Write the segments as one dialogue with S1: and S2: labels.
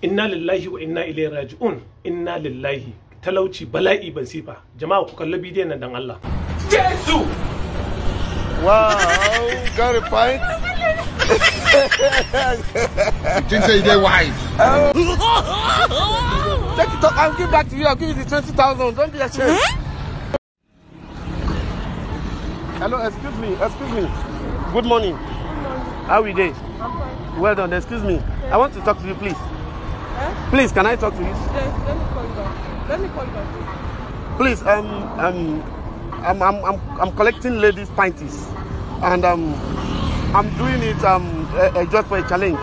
S1: إنا لله وإنا إليه راجعون إنا لله lillahi بلاي bala'i ban sifa jama'a ku kalli الله يسوع واو Jesu wow got a point Didn't say they
S2: Take it up give back to you. I'll give you the 20,000. Don't be ashamed. Hello, excuse me, excuse me. Good morning. How are we day? Well done, excuse me. I want to talk to you, please. Eh? Please, can I talk to you?
S1: Yes, let me call you back. Let me call you back.
S2: Please, um, um, I'm, I'm, I'm, I'm collecting ladies' panties. And um, I'm doing it um, uh, uh, just for a challenge.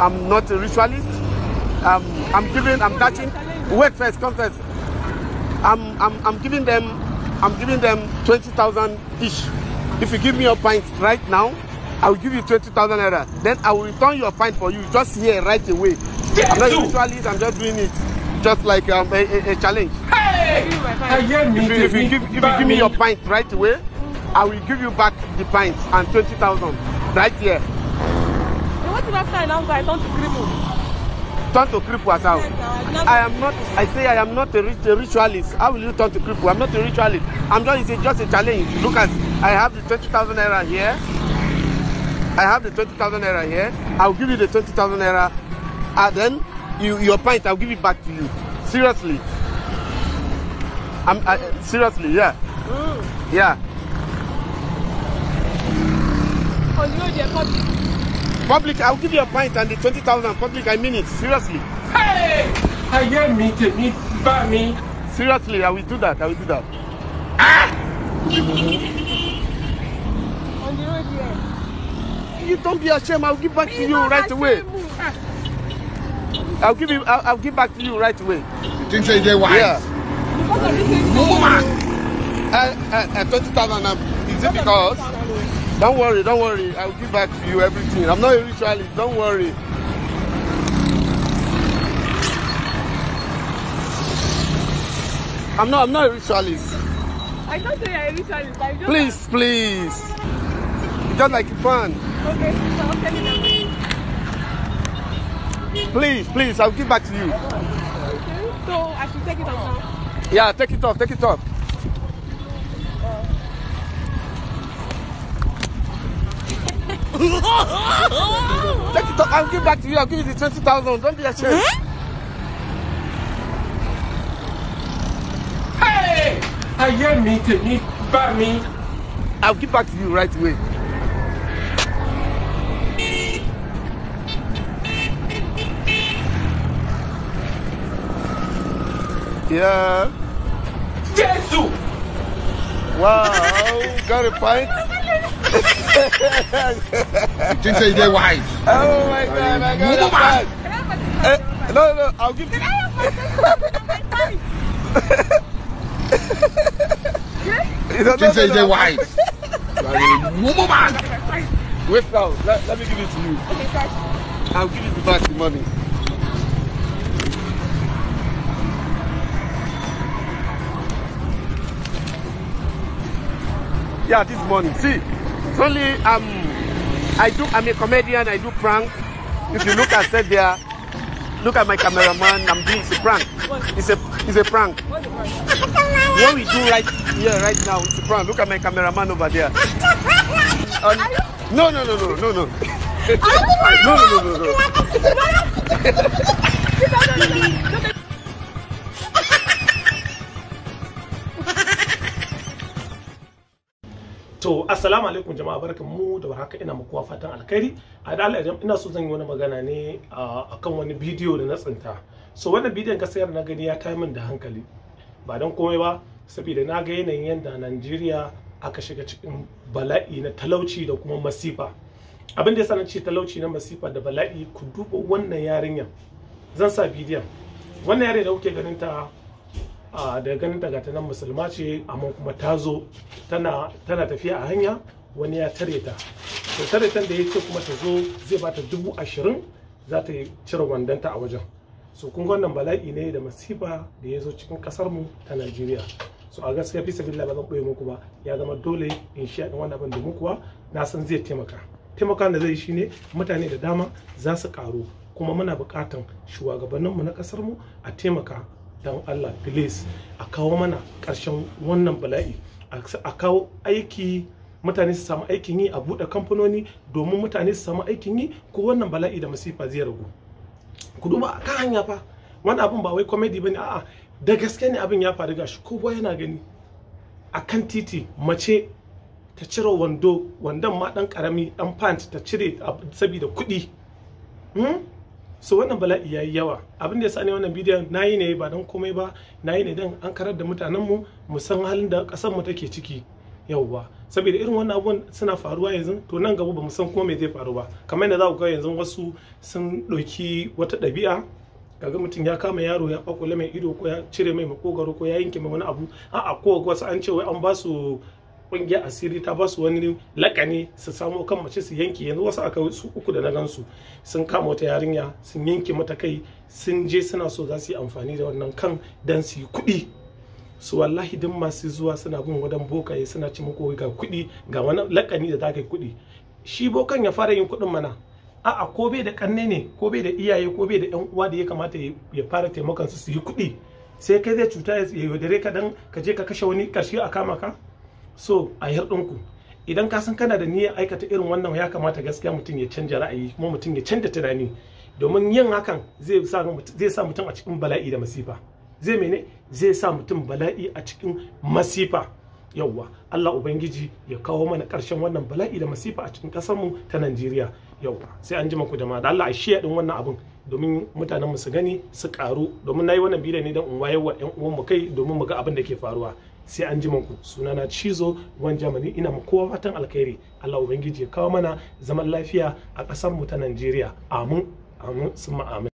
S2: I'm not a ritualist. Um, I'm giving, I'm touching. Wait first, come first. I'm, I'm, I'm giving them, I'm giving them 20,000 each. If you give me your pint right now, I will give you 20,000 naira. Then I will return your pint for you just here right away. I'm not ritualist, I'm just doing it. Just like um, a, a, a challenge. Hey! If you, if you, give, if you give me your pint right away, I will give you back the pint and 20,000 right here.
S1: What if after I now go, I turn to cripple?
S2: Turn to cripple as how? I am not, I say I am not a, rit a ritualist. How will you turn to cripple? I'm not a ritualist. I'm just, it's just a challenge. Look at, I have the 20,000 error here. I have the 20,000 error here. I'll give you the 20,000 error and then you, your point, I'll give it back to you. Seriously. I'm, I, seriously, yeah. Mm. Yeah. Oh, you are public. Public, I'll give you a pint and the 20,000 public, I mean it, seriously. Hey! I hear me, to me, by me. Seriously, I will do that, I will do that.
S1: Ah! On
S2: the road, yeah. You don't be ashamed, I'll give back we to you right away. Ah. I'll give you. I'll, I'll, give back to you right away. You think so, Jay? Why? Yeah. Woman. At, eh, eh, eh, twenty thousand, is it because? Don't worry, don't worry. I'll give back to you everything. I'm not a ritualist. Don't worry. I'm not. I'm not a ritualist. I thought you are a ritualist. I don't please, know. please. just like fun.
S1: Okay, so i
S2: Please, please, I'll give back to you.
S1: Okay, so I should take it off
S2: now? Yeah, take it off, take it off. take it off. I'll give back to you. I'll give you the 20,000. Don't be ashamed. Hey! I hear me to me, by me. I'll give back to you right away. Yeah. Jesus! Wow, got a pint? Didn't say they're white. Oh my god, I got Move a pint. no, no, I'll give you. Can I have my pint? Eh, you say they're white. Woman! Wait now, let, let me give it to you. Okay, sorry. I'll give you the back the money. here this morning. See, it's only um, I do. I'm a comedian. I do prank. If you look at said there, look at my cameraman. I'm doing a prank. It's a it's a prank. What we do right here right now it's a prank. Look at my cameraman over there. Um, no no no no no no. no no no no no.
S1: so assalamu alaikum jama'a barkan mu da warhaka ina muku fatan alkhairi a da ina so zan yi wani magana ne akan wani bidiyo da na tsinta so wannan bidiyon ka sayar na gani ya tayi min da hankali ba don komai ba saboda na ga yanayin yadda Najeriya aka shiga cikin bala'i na talauci da kuma masifa abin da yasa na ce talauci na masifa da bala'i ku duba wannan yarinyar zan sa bidiyon wannan yarinyar da kuke ganin ta daga ganin daga ta nan musulma ce amma kuma ta zo tana tafiya a hanya wani ya tare ta to tare ta da ya ce kuma ta zo zai ba ta dubu ashirin za ta cire wandanta a wajen su kun wannan bala'i ne da masifa da ya zo cikin kasar mu ta Najeriya su a gaskiya fi sabi ba zan ɓoye muku ba ya zama dole in sha ɗin wannan abin da ba na san zai taimaka taimaka da zai shi ne mutane da dama za su ƙaru kuma muna buƙatan shugabanninmu na ƙasarmu a taimaka don allah please a kawo mana karshen wannan bala'i a kawo aiki mutane su samu aikin yi a buɗe kamfanoni domin mutane su samu aikin yi ko wannan bala'i da masifa zai ragu ku duba kan hanya fa wani abin ba wai komedi bane a'a da gaske ne abin ya faru gashi kowa yana gani a kan titi mace ta cire wando wandon ma dan karami dan pant ta cire saboda kuɗi hmm? so wannan bala'i yayi yawa abin da ya sa ne wannan bidiyon nayi ne ba don komai ba nayi ne don an karar da mutanen mu mu san halin da kasar mu take ciki yauwa saboda irin wannan abun suna faruwa yanzu to nan gaba ba mu san kuma me zai faru ba kamar yadda za ku ga yanzu wasu sun ɗauki wata ɗabi'a kaga mutum ya kama yaro ya kwakwale mai ido ko ya cire mai makogaro ko ya yanke mai wani abu a'a ko wasu an ce wai an basu. kungiyar asiri ta basu wani lakani su samo kan mace su yanke yanzu wasu aka su uku da na gansu sun kama wata yarinya sun yanke mata kai sun je suna so za su yi amfani da wannan kan dan su yi kuɗi su wallahi din masu zuwa suna gun wadan bokaye suna ci muku ga kuɗi ga wani lakani da take kuɗi shi bokan ya fara yin kuɗin mana a'a ko bai da kanne ne ko bai da iyaye ko bai da yan uwa da ya kamata ya fara taimakon su su yi kuɗi sai kai zai cuta ya yaudare ka dan ka je ka kashe wani karshe a kama ka so a yar ɗinku idan ka san kana da niyyar aikata irin wannan ya kamata gaskiya mutum ya canja ra'ayi kuma mutum ya canja tunani domin yin hakan zai sa mutum a cikin bala'i da masifa zai mene zai sa mutum bala'i a cikin masifa yauwa Allah ubangiji ya kawo mana karshen wannan bala'i da masifa a cikin ƙasarmu ta Najeriya yauwa sai an jima ku jama'a da Allah a shiya ɗin wannan abin domin mutanen mu su gani su karu domin nayi wannan bidiyo ne don in wayar wa ƴan uwan mu kai domin mu ga abin da ke faruwa sai an ji ku sunana cizo wan jamani ina mu kowa fatan alkhairi Allah ubangiji ya kawo mana zaman lafiya a ƙasar mu ta Najeriya amin amin sun amin